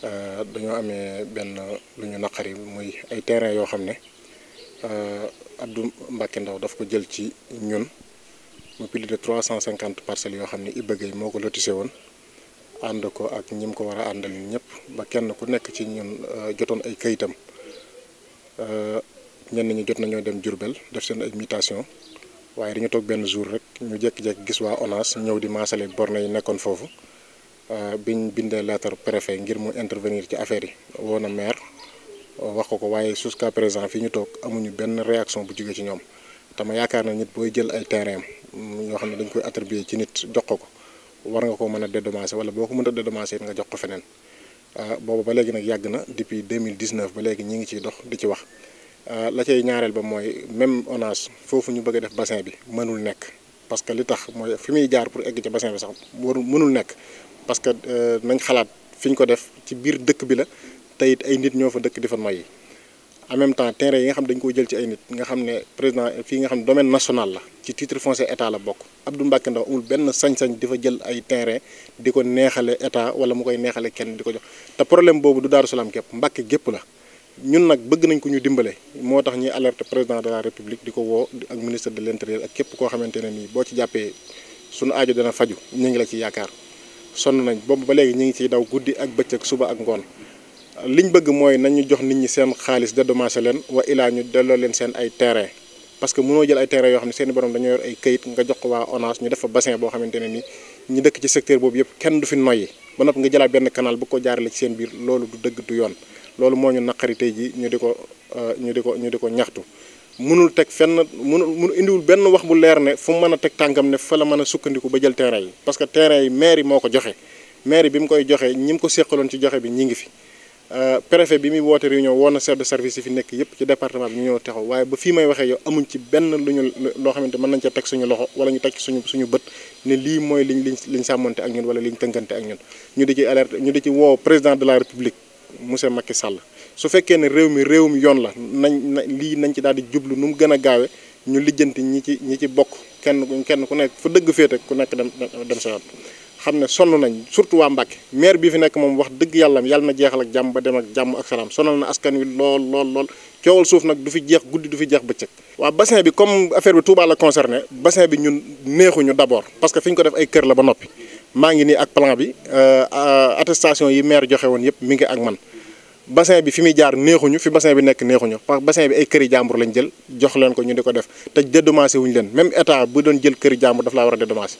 Euh, dañoo amee benn lu ñu naqari muy ay terrain yoo xam ne euh, Abdou Mbacke Ndaw daf ko jël ci ñun mu plus trois cent cinquante parcelles yoo xam ne Iba Guèye moo ko lotissé woon ànd ko ak ñi mu ko war a àndal ñëpp ba kenn ku nekk ci ñun euh, jotoon ay kayitam ñenn ñi jot nañoo dem Jurbel def seen ay mutation waaye dañu toog benn jour rek ñu jékki-jékki gis waa ONAS ñëw di maasale borne yi nekkoon foofu. Euh, biñ bindee lettre préfet ngir mu intervenir ci affaire yi woo na maire wax ko ko waaye jusqu'à présent fi ñu toog amuñu benn réaction bu jóge ci ñoom te yaakaar na nit booy jël ay terrain ñoo xam ne dañ koy attribuer ci nit jox ko ko war nga ko mën a dédommager wala boo ko mën a dédommager it nga jox ko feneen euh, boobu ba léegi nag yàgg na depuis 2019 ba léegi ñi ngi ciy dox di ci wax euh, la cay ñaareel ba mooy même onage foofu ñu bëgg a def bassin bi mënul nekk parce que li tax mooy fi muy jaar pour egg ci bassin bi sax warul mënul nekk parce que euh, nañ xalaat fi ko def ci biir dëkk bi la te ay nit ñoo fa dëkk di fa noyyi en même temps terrain yi nga xam dañ ko jël ci ay nit nga xam ne président fii nga xam ne domaine national la ci titre foncier état la bokk Abdou Mbacke Ndao ul benn sañ-sañ di fa jël ay terrain di ko neexale état wala mu koy neexale kenn di ko jox te problème boobu du Daaru Salaam képp Mbacke gépp la ñun nag bëgg nañ ko ñu dimbale moo tax ñuy alerte président de la république di ko woo ministre de ak képp koo xamante ne nii boo ci jàppee suñu aajo dana faju ñu ngi la ci yaakaar sonn nañ boobu ba léegi ñu ngi ciy daw guddi ak bëccëg suba ak ngoon liñ bëgg mooy nañu jox nit ñi seen xaalis dédommagé leen wa ilaa ñu delloo leen seen ay terrain parce que mënoo jël ay terrain yoo xam ne seeni i borom dañoo yor ay kayit nga jox ko waa ONAS ñu def fa bassin boo xamante ne ni ñu dëkk ci secteur boobu yëpp kenn du fi noyyi ba noppi nga jëlaat benn canal bu ko jaarale ci seen biir loolu du dëgg du yoon loolu moo ñu naqari tey ji ñu di ko euh, ñu di ko ñu di ko ñaxtu mënul teg fenn mënul mënul indiwul benn wax bu leer ne fu mu mën a teg tàngam ne fa la mën a sukkandiku ba jël terrain yi parce que terrain yi maire yi moo ko joxe maire bi mu koy joxe ñi mu ko séqaloon ci joxe bi ñu ngi fi euh, préfet bi muy woote réunion woon na chef de service yi fi nekk yëpp ci département bi ñu ñëw taxaw waaye ba fi may waxee yow amuñ ci benn lu ñu loo xamante mën nañ ca teg suñu loxo wala ñu teg suñu suñu bët ni lii mooy liñ liñ liñ sàmmante ak ñun wala liñ tënkante ak ñun ñu di ci alerte ñu ci woo président de la république monsieur Macky Sall su fekkee ne réew mi réewum yoon la nañ lii nañ ci daal di jublu nu mu gën a gaawe ñu lijjanti ñi ci ñi ci bokk kenn kenn ku nekk fa dëgg féete ku nekk dem dem sa yoon xam ne sonn nañ surtout waa Mbàkke maire bii fi nekk moom wax dëgg yàlla yàlla na jeexal ak jàmm ba dem ak jàmm ak salaam sonal na askan wi lool lool lool coowal suuf nag du fi jeex guddi du fi jeex bëccëg. waa bassin bi comme affaire bi Touba la concerné bassin bi ñun neexuñu d'abord parce que fi ñu ko def ay kër ba noppi maa ngi nii ak plan bi euh, euh, attestation yi maire joxe woon yëpp mi ngi ak man. bassin bi fi muy jaar neexuñu fi bassin bi nekk neexuñu parce que bassin bi ay këri jàmbur lañ jël jox leen ko ñu di ko def te dédommagé wuñu leen même état bu doon jël këri jàmbur daf laa war a dédommagé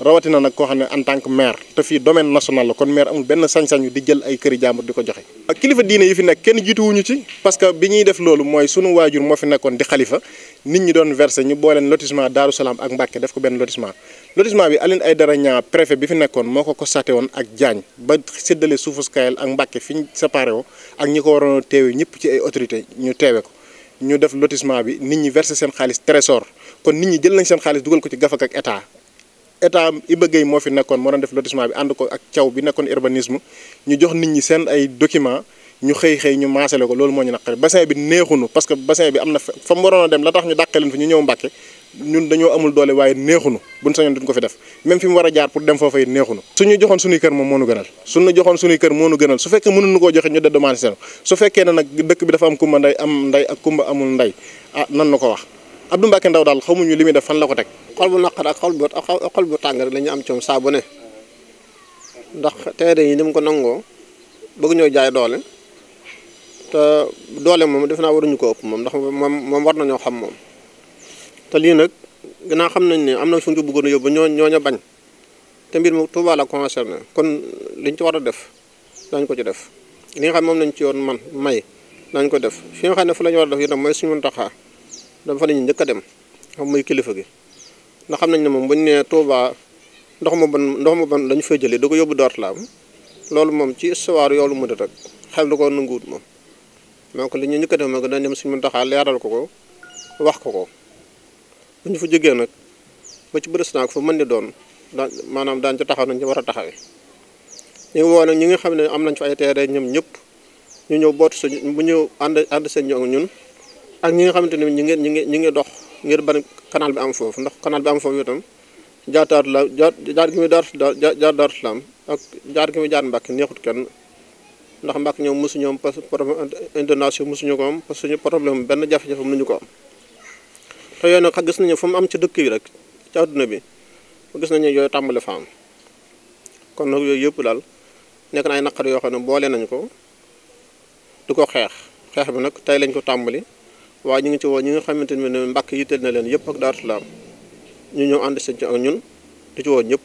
rawatina nag koo xam ne en tant que maire te fi domaine national la kon maire amul benn sañ-sañu di jël ay këri jàmbur di ko joxe. kilifa diine yi fi nekk kenn jiituwuñu ci parce que bi ñuy def loolu mooy sunu waajur moo fi nekkoon di xalifa nit ñi doon versé ñu booleen lotissement Daaru Salaam ak Mbàkke def ko benn lotissement lotissement bi Alioune Aïdara Niang préfet bi fi nekkoon moo ko constaté woon ak Diagne ba séddale suufu Kayel ak Mbàkke fi ñu séparé ak ñi ko waroon a teewe ñëpp ci ay autorité ñu teewe ko ñu def lotissement bi nit ñi verse seen xaalis trésor kon nit ñi jël nañ seen xaalis dugal ko ci gafak ak état état i Guèye moo fi nekkoon moo doon def lotissement bi ànd ko ak caw bi nekkoon urbanisme ñu jox nit ñi seen ay document ñu xëy xëy ñu maasale ko loolu moo ñu naqari bassin bi neexunu parce que bassin bi am na fa mu waroon a dem la tax ñu dàqaleen fi ñu ñëw Mbàkke ñun dañoo amul doole waaye neexunu buñ sañoon duñ ko fi def même fi mu war a jaar pour dem foofa it neexunu suñu joxoon suñuy kër moom moonu gënal suñu joxoon suñuy kër moonu gënal su fekkee mënuñu koo joxe ñu de demande seen su fekkee ne nag dëkk kumba nday am nday ah nan na ko wax Abdou Mbacke Ndaw daal xamuñu li muy def fan la ko teg. xol bu naqar ak xal bu xol bu tàng rek la am coom saa bu ne ndax teere yi ni mu ko nangoo bëgg ñoo jaay doole te doole moom def naa waruñu ko ëpp moom ndax moom moom war nañoo xam moom. te lii nag ganaa xam nañ ne am na suñ ko bëggoon a yóbbu ñoo ñoo ña bañ te mbir mu a la concerné kon liñ ci war a def dañ ko ci def li nga xam moom lañ ci yoon man may dañ ko def fi nga xam ne fu la ñu war a def itam mooy suñu mën dama fa nañu njëkk a dem xam muy kilifa gi ndax xam nañ ne moom buñ nee Touba ndox mu ban ndox mu ban dañu fay jëlee da ko yóbbu Dortlam loolu moom ci histoire yoolu mu rek xel du ko nanguwut moom donc li ñu njëkk dem mooy dañ dem suñu Muntaxa leeral ko ko wax ko ko ñu fa jógee nag ba ci président ko fa mën di doon daan maanaam daan ci taxaw nañ ci war a taxawee ñu ngi woo nag ñi nga xam ne am nañ fa ay teere ñoom ñëpp ñu ñëw boot suñu bu ñu ànd ànd seen ñoo ñun ak ñi nga xamante ne ñu ngi ñu ngi ñu ngi dox ngir ban canal bi am foofu ndax canal bi am foofu itam jaataar la jaar jaar gi muy daar jaar daaru salaam ak jaar gi muy jaar Mbàkke neexut kenn ndax Mbàkke ñoom mosu ñoom parce que problème international mosuñu ko am parce que suñu problème benn jafe-jafe ñu ko am te yooyu nag gis nañu fu mu am ci dëkk yi rek ci àdduna bi gis nañu yooyu tàmbali fa am kon nag yooyu yëpp daal nekk na ay naqar yoo xam ne boole nañ ko du ko xeex xeex bi nag tey lañ ko tàmbali waaw ñu ngi ci woo ñi nga xamante ne yi yitteel na leen yëpp ak Daaru Salaam ñu ñëw ànd sañ ci ak ñun di ci woon ñëpp